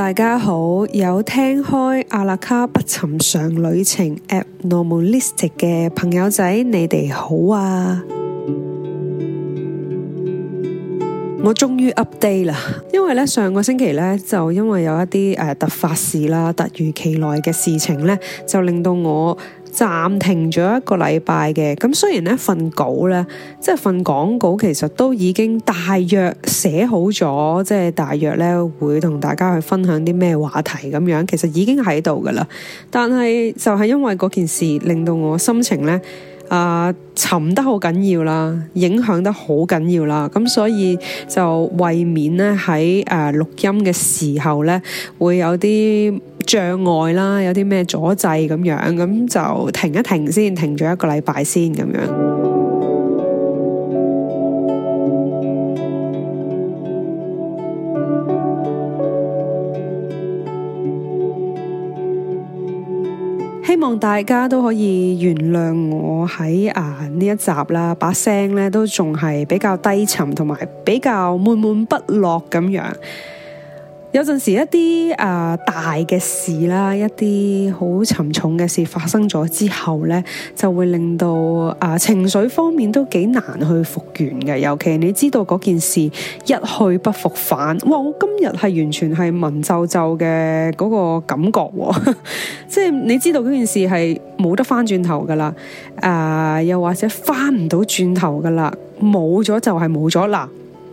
大家好，有聽開阿勒卡不尋常旅程 Abnormalistic 嘅朋友仔，你哋好啊！ 我終於 update 啦，因為咧上個星期咧就因為有一啲誒、呃、突發事啦，突如其來嘅事情咧就令到我。暫停咗一個禮拜嘅，咁雖然呢份稿呢，即係份廣稿其實都已經大約寫好咗，即係大約呢會同大家去分享啲咩話題咁樣，其實已經喺度㗎喇，但係就係因為嗰件事令到我心情呢，啊、呃、沉得好緊要啦，影響得好緊要啦，咁所以就為免呢喺誒、呃、錄音嘅時候呢，會有啲。障礙啦，有啲咩阻滯咁樣，咁就停一停先，停咗一個禮拜先咁樣。 希望大家都可以原諒我喺啊呢一集啦，把聲呢都仲係比較低沉，同埋比較悶悶不樂咁樣。有陣時一啲啊、呃、大嘅事啦，一啲好沉重嘅事發生咗之後咧，就會令到啊、呃、情緒方面都幾難去復原嘅。尤其你知道嗰件事一去不復返，哇！我今日係完全係文縐縐嘅嗰個感覺、哦， 即係你知道嗰件事係冇得翻轉頭噶啦，啊、呃，又或者翻唔到轉頭噶啦，冇咗就係冇咗喇。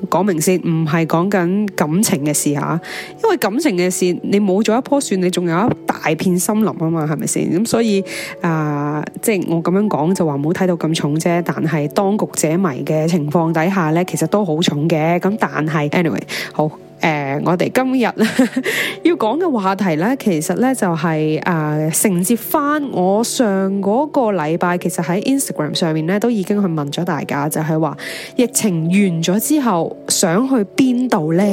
講明先，唔係講緊感情嘅事嚇、啊，因為感情嘅事你冇咗一棵樹，你仲有一大片森林啊嘛，係咪先？咁所以啊、呃，即係我咁樣講就話冇睇到咁重啫，但係當局者迷嘅情況底下咧，其實都好重嘅。咁但係，anyway 好。誒、呃，我哋今日 要講嘅話題呢，其實呢就係、是、啊，承、呃、接翻我上嗰個禮拜，其實喺 Instagram 上面呢，都已經去問咗大家，就係、是、話疫情完咗之後，想去邊度呢？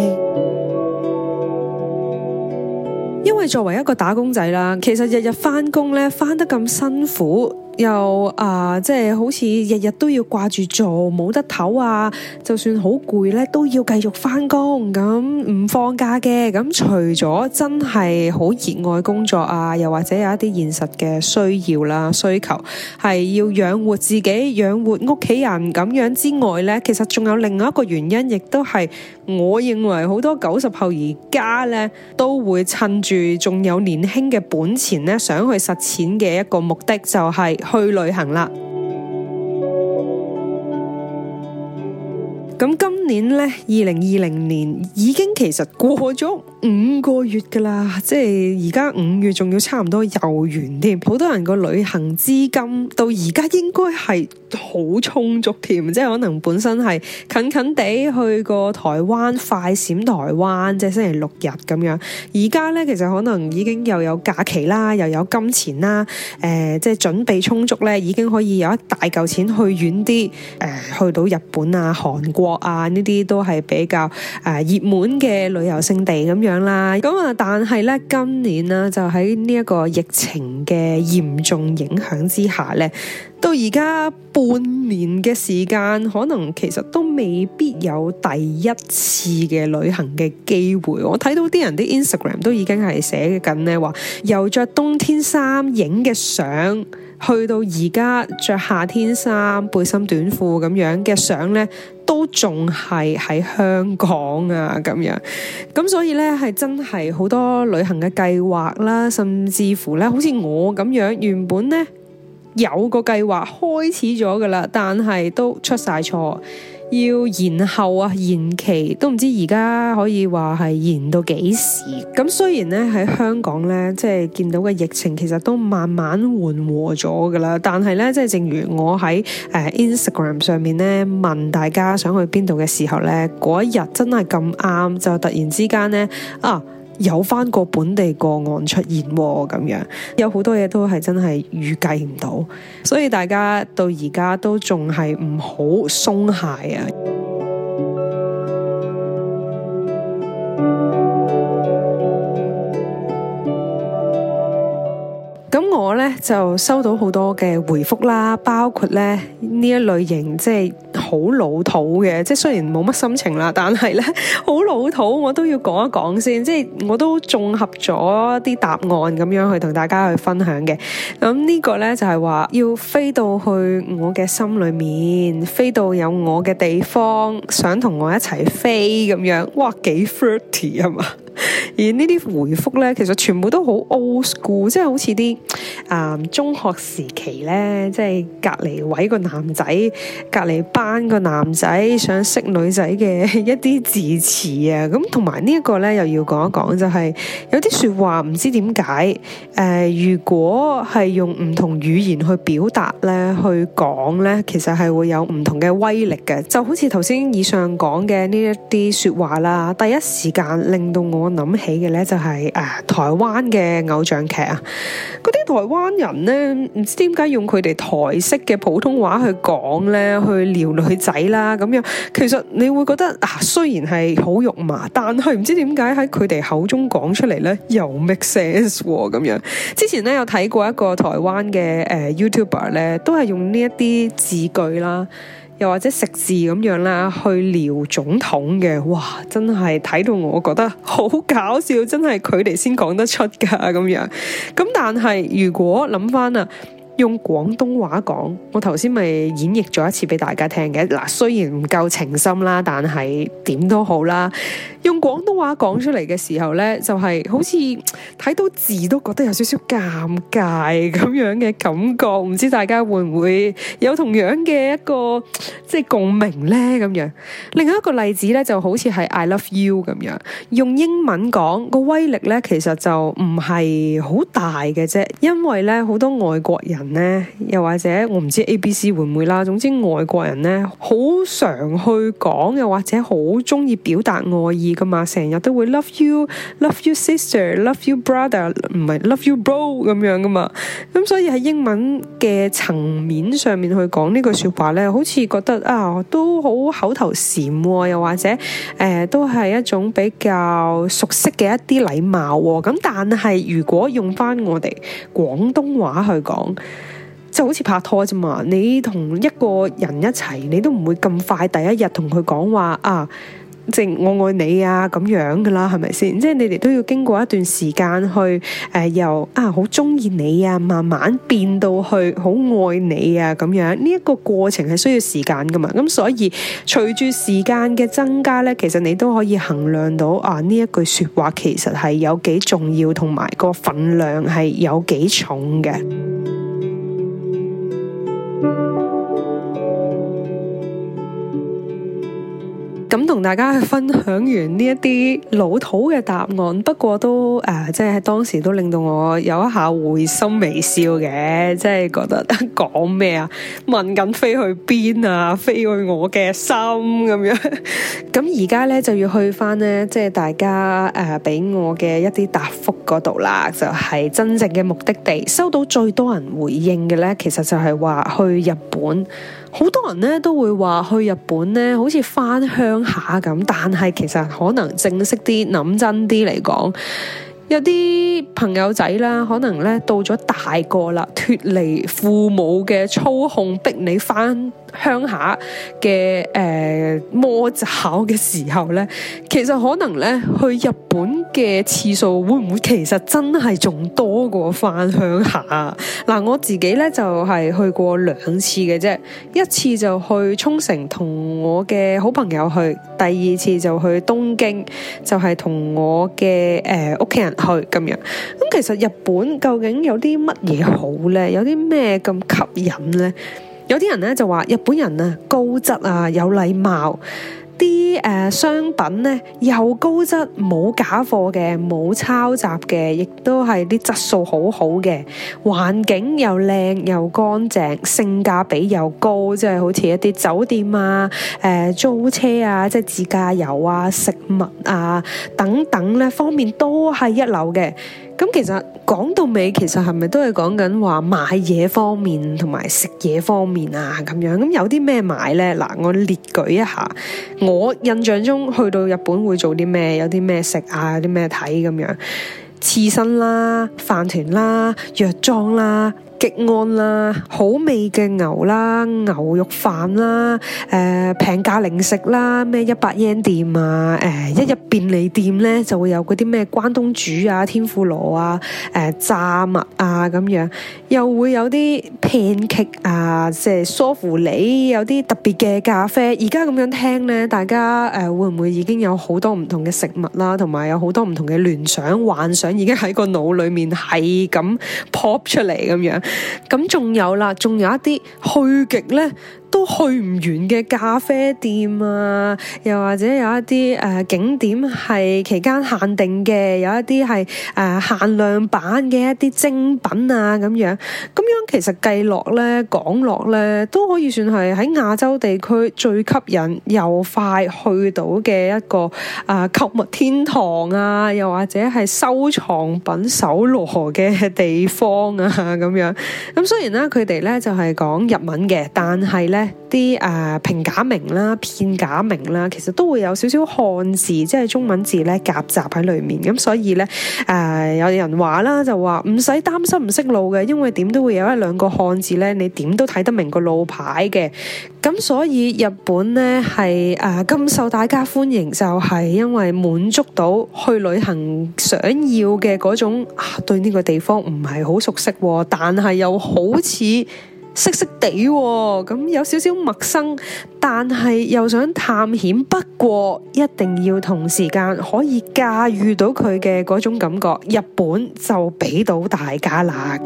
因為作為一個打工仔啦，其實日日翻工呢，翻得咁辛苦。又啊、呃，即係好似日日都要掛住做，冇得唞啊！就算好攰咧，都要繼續翻工咁，唔、嗯、放假嘅。咁、嗯、除咗真係好熱愛工作啊，又或者有一啲現實嘅需要啦、需求，係要養活自己、養活屋企人咁樣之外咧，其實仲有另外一個原因，亦都係我認為好多九十後而家咧都會趁住仲有年輕嘅本錢咧，想去實踐嘅一個目的，就係、是。去旅行啦！咁今年呢，二零二零年已經其實過咗五個月噶啦，即係而家五月仲要差唔多游完添，好多人個旅行資金到而家應該係。好充足添，即係可能本身係近近地去過台灣快閃台灣，即係星期六日咁樣。而家咧，其實可能已經又有假期啦，又有金錢啦，誒、呃，即係準備充足咧，已經可以有一大嚿錢去遠啲，誒、呃，去到日本啊、韓國啊呢啲都係比較誒熱門嘅旅遊勝地咁樣啦。咁啊，但係咧今年啦，就喺呢一個疫情嘅嚴重影響之下咧。到而家半年嘅時間，可能其實都未必有第一次嘅旅行嘅機會。我睇到啲人啲 Instagram 都已經係寫緊呢話，由着冬天衫影嘅相，去到而家着夏天衫背心短褲咁樣嘅相呢，都仲係喺香港啊咁樣。咁所以呢，係真係好多旅行嘅計劃啦，甚至乎呢，好似我咁樣原本呢。有個計劃開始咗㗎喇，但係都出晒錯，要延後啊，延期都唔知而家可以話係延到幾時。咁雖然咧喺香港咧，即係見到嘅疫情其實都慢慢緩和咗㗎喇，但係咧，即係正如我喺誒、uh, Instagram 上面咧問大家想去邊度嘅時候咧，嗰一日真係咁啱，就突然之間咧啊！有返個本地個案出現喎，咁樣有好多嘢都係真係預計唔到，所以大家到而家都仲係唔好鬆懈啊！我咧就收到好多嘅回覆啦，包括咧呢一類型，即係好老土嘅，即係雖然冇乜心情啦，但係咧好老土，我都要講一講先，即係我都綜合咗啲答案咁樣去同大家去分享嘅。咁、嗯這個、呢個咧就係、是、話要飛到去我嘅心裏面，飛到有我嘅地方，想同我一齊飛咁樣，哇，幾 flirty 啊嘛！而呢啲回覆呢，其實全部都好 old school，即係好似啲啊中學時期呢，即係隔離位個男仔，隔離班個男仔想識女仔嘅一啲字詞啊，咁同埋呢一個呢，又要講一講、就係，就係有啲説話唔知點解，誒、呃，如果係用唔同語言去表達呢，去講呢，其實係會有唔同嘅威力嘅，就好似頭先以上講嘅呢一啲説話啦，第一時間令到我諗起嘅咧就係、是、誒、啊、台灣嘅偶像劇啊，嗰啲台灣人咧唔知點解用佢哋台式嘅普通話去講咧，去撩女仔啦咁樣，其實你會覺得嗱、啊，雖然係好肉麻，但係唔知點解喺佢哋口中講出嚟咧又 make sense 咁、哦、樣。之前咧有睇過一個台灣嘅誒 YouTuber 咧，都係用呢一啲字句啦。又或者食字咁樣啦，去撩總統嘅，哇！真係睇到我覺得好搞笑，真係佢哋先講得出㗎咁樣。咁但係如果諗返啊～用廣東話講，我頭先咪演繹咗一次俾大家聽嘅，嗱，雖然唔夠情深啦，但係點都好啦。用廣東話講出嚟嘅時候咧，就係好似睇到字都覺得有少少尷尬咁樣嘅感覺，唔知大家會唔會有同樣嘅一個即係共鳴咧咁樣，另外一個例子咧，就好似係 I love you 咁樣，用英文講個威力咧，其實就唔係好大嘅啫，因為咧好多外國人。咧，又或者我唔知 A、B、C 會唔會啦。總之，外國人呢好常去講，又或者好中意表達愛意噶嘛，成日都會 Love you，Love you, you sister，Love you brother，唔係 Love you bro 咁樣噶嘛。咁、嗯、所以喺英文嘅層面上面去講呢句說話呢，好似覺得啊，都好口頭禪、啊，又或者誒、呃、都係一種比較熟悉嘅一啲禮貌咁、啊、但係如果用翻我哋廣東話去講。就好似拍拖啫嘛，你同一個人一齊，你都唔會咁快第一日同佢講話啊，即我愛你啊咁樣噶啦，係咪先？即係你哋都要經過一段時間去誒、呃、由啊好中意你啊，慢慢變到去好愛你啊咁樣，呢一個過程係需要時間噶嘛，咁所以隨住時間嘅增加咧，其實你都可以衡量到啊呢一句說話其實係有幾重要，同埋個份量係有幾重嘅。咁同大家去分享完呢一啲老土嘅答案，不過都誒、呃，即係喺當時都令到我有一下會心微笑嘅，即係覺得講咩啊？問緊飛去邊啊？飛去我嘅心咁樣。咁而家呢，就要去翻呢，即係大家誒俾、呃、我嘅一啲答復嗰度啦，就係、是、真正嘅目的地。收到最多人回應嘅呢，其實就係話去日本。好多人咧都會話去日本咧，好似返鄉下咁，但係其實可能正式啲、諗真啲嚟講。有啲朋友仔啦，可能咧到咗大個啦，脱離父母嘅操控，逼你翻鄉下嘅誒魔爪嘅時候咧，其實可能咧去日本嘅次數會唔會其實真係仲多過翻鄉下？啊嗱，我自己咧就係去過兩次嘅啫，一次就去沖繩同我嘅好朋友去，第二次就去東京，就係同我嘅誒屋企人。去咁樣，咁、嗯、其實日本究竟有啲乜嘢好呢？有啲咩咁吸引呢？有啲人呢就話日本人啊高質啊，有禮貌。啲誒、嗯、商品咧又高質，冇假貨嘅，冇抄襲嘅，亦都係啲質素好好嘅，環境又靚又乾淨，性價比又高，即係好似一啲酒店啊、誒、呃、租車啊、即係自駕遊啊、食物啊等等咧方面都係一流嘅。咁其實講到尾，其實係咪都係講緊話買嘢方面同埋食嘢方面啊？咁樣咁有啲咩買咧？嗱，我列舉一下，我印象中去到日本會做啲咩？有啲咩食啊？有啲咩睇咁樣？刺身啦、啊，飯團啦、啊，藥妝啦、啊。吉安啦，好味嘅牛啦，牛肉飯啦，誒、呃、平價零食啦，咩一百 y 店啊，誒、呃、一入便利店咧就會有嗰啲咩關東煮啊、天婦羅啊、誒、呃、炸物啊咁樣，又會有啲片 a 啊，即係梳乎里，有啲特別嘅咖啡。而家咁樣聽咧，大家誒、呃、會唔會已經有好多唔同嘅食物啦，同埋有好多唔同嘅聯想、幻想，已經喺個腦裏面係咁 pop 出嚟咁樣？咁仲有啦，仲有一啲去極咧，都去唔完嘅咖啡店啊，又或者有一啲誒、呃、景點係期間限定嘅，有一啲係誒限量版嘅一啲精品啊，咁樣咁樣，其實計落咧，講落咧，都可以算係喺亞洲地區最吸引又快去到嘅一個啊購、呃、物天堂啊，又或者係收藏品手攞嘅地方啊咁樣咁、嗯、雖然咧佢哋咧就係、是、講日文嘅，但係咧。啲啊平假名啦、片假名啦，其實都會有少少漢字，即係中文字咧夾雜喺裡面。咁所以咧，誒、呃、有人話啦，就話唔使擔心唔識路嘅，因為點都會有一兩個漢字咧，你點都睇得明個路牌嘅。咁所以日本呢，係誒咁受大家歡迎，就係、是、因為滿足到去旅行想要嘅嗰種對呢個地方唔係好熟悉，但係又好似。色色地喎、哦，咁有少少陌生，但係又想探險。不過一定要同時間可以駕馭到佢嘅嗰種感覺，日本就俾到大家啦。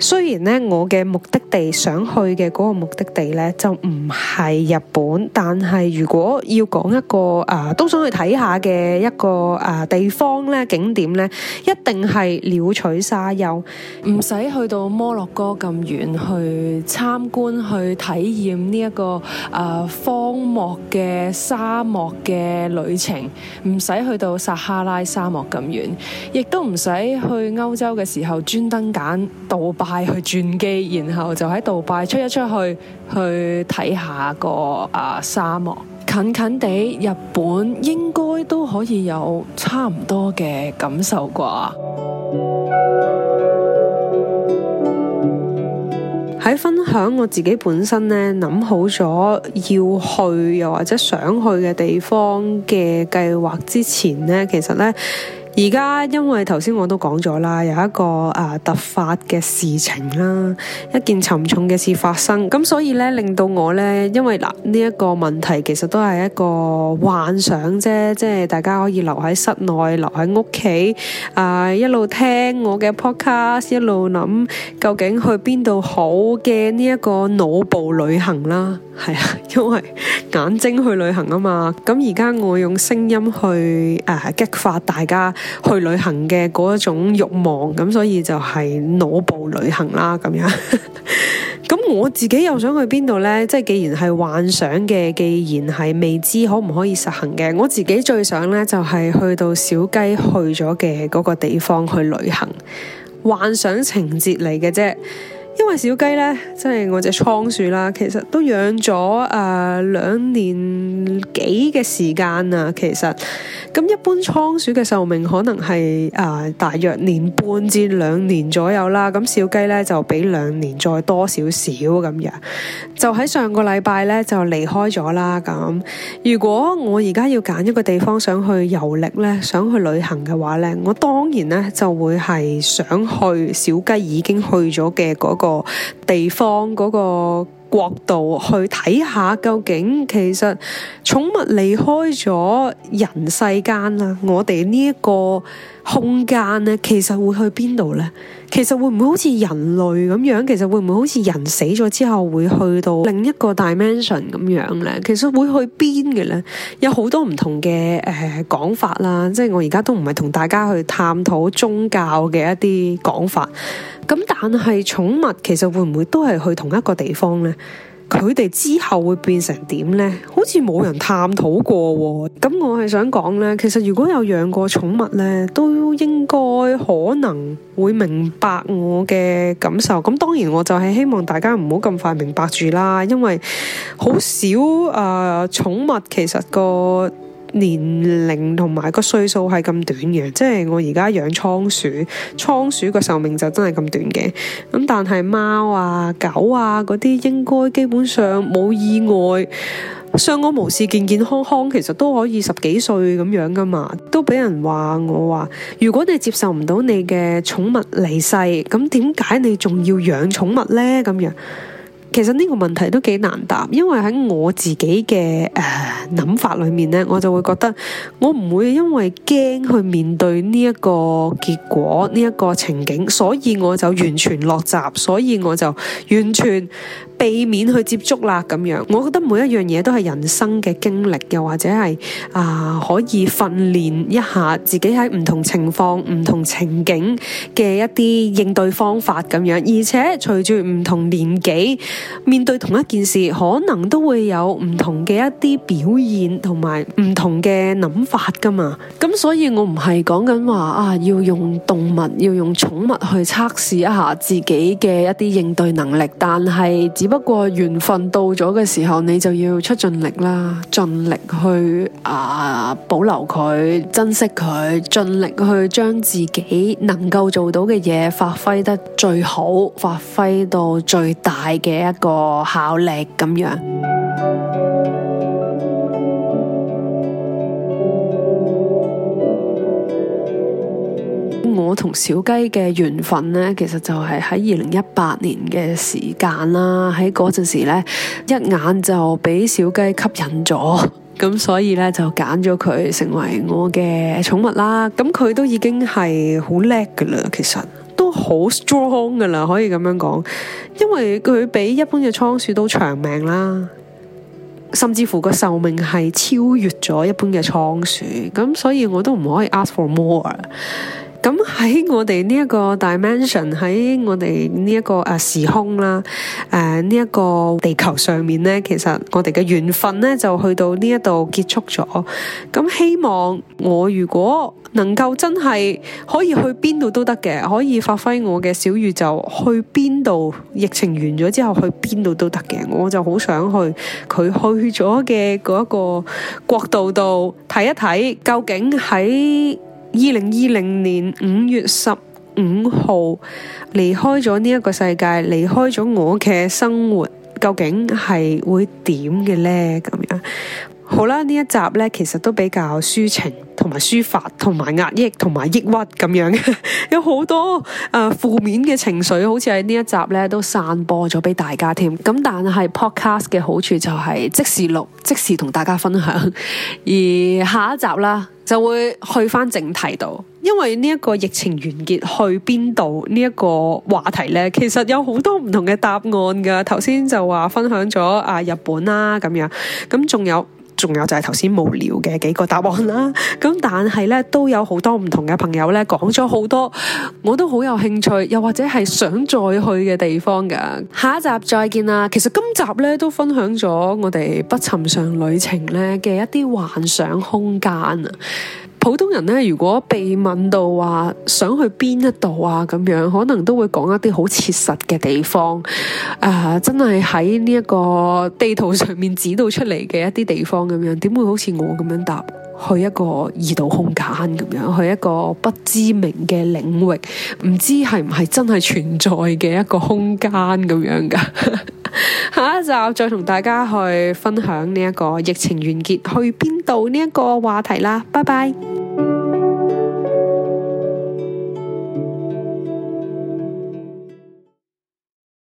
雖然咧，我嘅目的地想去嘅嗰個目的地咧，就唔係日本。但係如果要講一個啊，都想去睇下嘅一個啊地方咧，景點咧，一定係鳥取沙丘。唔使去到摩洛哥咁遠去參觀去體驗呢一個啊荒漠嘅沙漠嘅旅程，唔使去到撒哈拉沙漠咁遠，亦都唔使去歐洲嘅時候專登揀杜拜。係去轉機，然後就喺杜拜出一出去，去睇下個啊沙漠。近近地日本應該都可以有差唔多嘅感受啩。喺分享我自己本身呢，諗好咗要去又或者想去嘅地方嘅計劃之前呢，其實呢。而家因為頭先我都講咗啦，有一個誒、啊、突發嘅事情啦，一件沉重嘅事發生，咁所以咧令到我咧，因為嗱呢一個問題其實都係一個幻想啫，即係大家可以留喺室內，留喺屋企啊，一路聽我嘅 podcast，一路諗究竟去邊度好嘅呢一個腦部旅行啦。係啊，因為眼睛去旅行啊嘛，咁而家我用聲音去誒、呃、激發大家去旅行嘅嗰一種慾望，咁所以就係腦部旅行啦咁樣。咁 我自己又想去邊度呢？即係既然係幻想嘅，既然係未知，可唔可以實行嘅？我自己最想呢就係、是、去到小雞去咗嘅嗰個地方去旅行，幻想情節嚟嘅啫。因為小雞呢，即係我隻倉鼠啦，其實都養咗誒、呃、兩年幾嘅時間啦。其實咁一般倉鼠嘅壽命可能係誒、呃、大約年半至兩年左右啦。咁小雞呢，就比兩年再多少少咁樣，就喺上個禮拜呢，就離開咗啦。咁如果我而家要揀一個地方想去遊歷呢，想去旅行嘅話呢，我當然呢，就會係想去小雞已經去咗嘅嗰個。個地方嗰個角度去睇下，究竟其實寵物離開咗人世間啦，我哋呢一個空間咧，其實會去邊度咧？其實會唔會好似人類咁樣？其實會唔會好似人死咗之後會去到另一個 dimension 咁樣咧？其實會去邊嘅咧？有好多唔同嘅誒講法啦，即係我而家都唔係同大家去探討宗教嘅一啲講法。咁但係寵物其實會唔會都係去同一個地方呢？佢哋之後會變成點呢？好似冇人探討過喎。咁我係想講呢，其實如果有養過寵物呢，都應該可能會明白我嘅感受。咁當然我就係希望大家唔好咁快明白住啦，因為好少誒，寵物其實個。年齡同埋個歲數係咁短嘅，即係我而家養倉鼠，倉鼠個壽命就真係咁短嘅。咁但係貓啊、狗啊嗰啲應該基本上冇意外，相安無事、健健康康，其實都可以十幾歲咁樣噶嘛。都俾人話我話，如果你接受唔到你嘅寵物離世，咁點解你仲要養寵物呢？咁樣。其實呢個問題都幾難答，因為喺我自己嘅誒諗法裏面呢，我就會覺得我唔會因為驚去面對呢一個結果，呢一個情景，所以我就完全落閘，所以我就完全避免去接觸啦咁樣。我覺得每一樣嘢都係人生嘅經歷，又或者係啊、呃、可以訓練一下自己喺唔同情況、唔同情景嘅一啲應對方法咁樣，而且隨住唔同年紀。面對同一件事，可能都會有唔同嘅一啲表現，同埋唔同嘅諗法嘛。咁所以我唔係講緊話啊，要用動物，要用寵物去測試一下自己嘅一啲應對能力。但係只不過緣分到咗嘅時候，你就要出盡力啦，盡力去啊保留佢，珍惜佢，盡力去將自己能夠做到嘅嘢發揮得最好，發揮到最大嘅個效力咁樣，我同小雞嘅緣分呢，其實就係喺二零一八年嘅時間啦。喺嗰陣時呢，一眼就俾小雞吸引咗，咁 所以呢，就揀咗佢成為我嘅寵物啦。咁佢都已經係好叻噶啦，其實。好 strong 噶啦，可以咁樣講，因為佢比一般嘅倉鼠都長命啦，甚至乎個壽命係超越咗一般嘅倉鼠，咁所以我都唔可以 ask for more。咁喺我哋呢一個 dimension，喺我哋呢一個誒時空啦，誒呢一個地球上面呢，其實我哋嘅緣分呢，就去到呢一度結束咗。咁希望我如果能夠真係可以去邊度都得嘅，可以發揮我嘅小宇宙，去邊度疫情完咗之後去邊度都得嘅。我就好想去佢去咗嘅嗰一個國度度睇一睇，究竟喺。二零二零年五月十五號離開咗呢一個世界，離開咗我嘅生活，究竟係會點嘅呢？咁樣好啦，呢一集呢，其實都比較抒情、同埋抒發、同埋壓抑、同埋抑鬱咁樣嘅， 有好多誒負面嘅情緒，好似喺呢一集呢都散播咗俾大家添。咁但係 podcast 嘅好處就係即時錄，即時同大家分享。而下一集啦。就會去返正題度，因為呢一個疫情完結去邊度呢一個話題呢，其實有好多唔同嘅答案㗎。頭先就話分享咗啊日本啦咁樣，咁仲有。仲有就係頭先無聊嘅幾個答案啦，咁 但係咧都有好多唔同嘅朋友咧講咗好多，我都好有興趣，又或者係想再去嘅地方㗎。下一集再見啦！其實今集咧都分享咗我哋不尋常旅程咧嘅一啲幻想空間。普通人咧，如果被問到話想去邊一度啊，咁樣可能都會講一啲好切實嘅地方。啊、呃，真係喺呢一個地圖上面指導出嚟嘅一啲地方咁樣，點會好似我咁樣答？去一個異度空間咁樣，去一個不知名嘅領域，唔知係唔係真係存在嘅一個空間咁樣㗎。 下一集再同大家去分享呢一個疫情完結，去邊度呢一個話題啦。拜拜。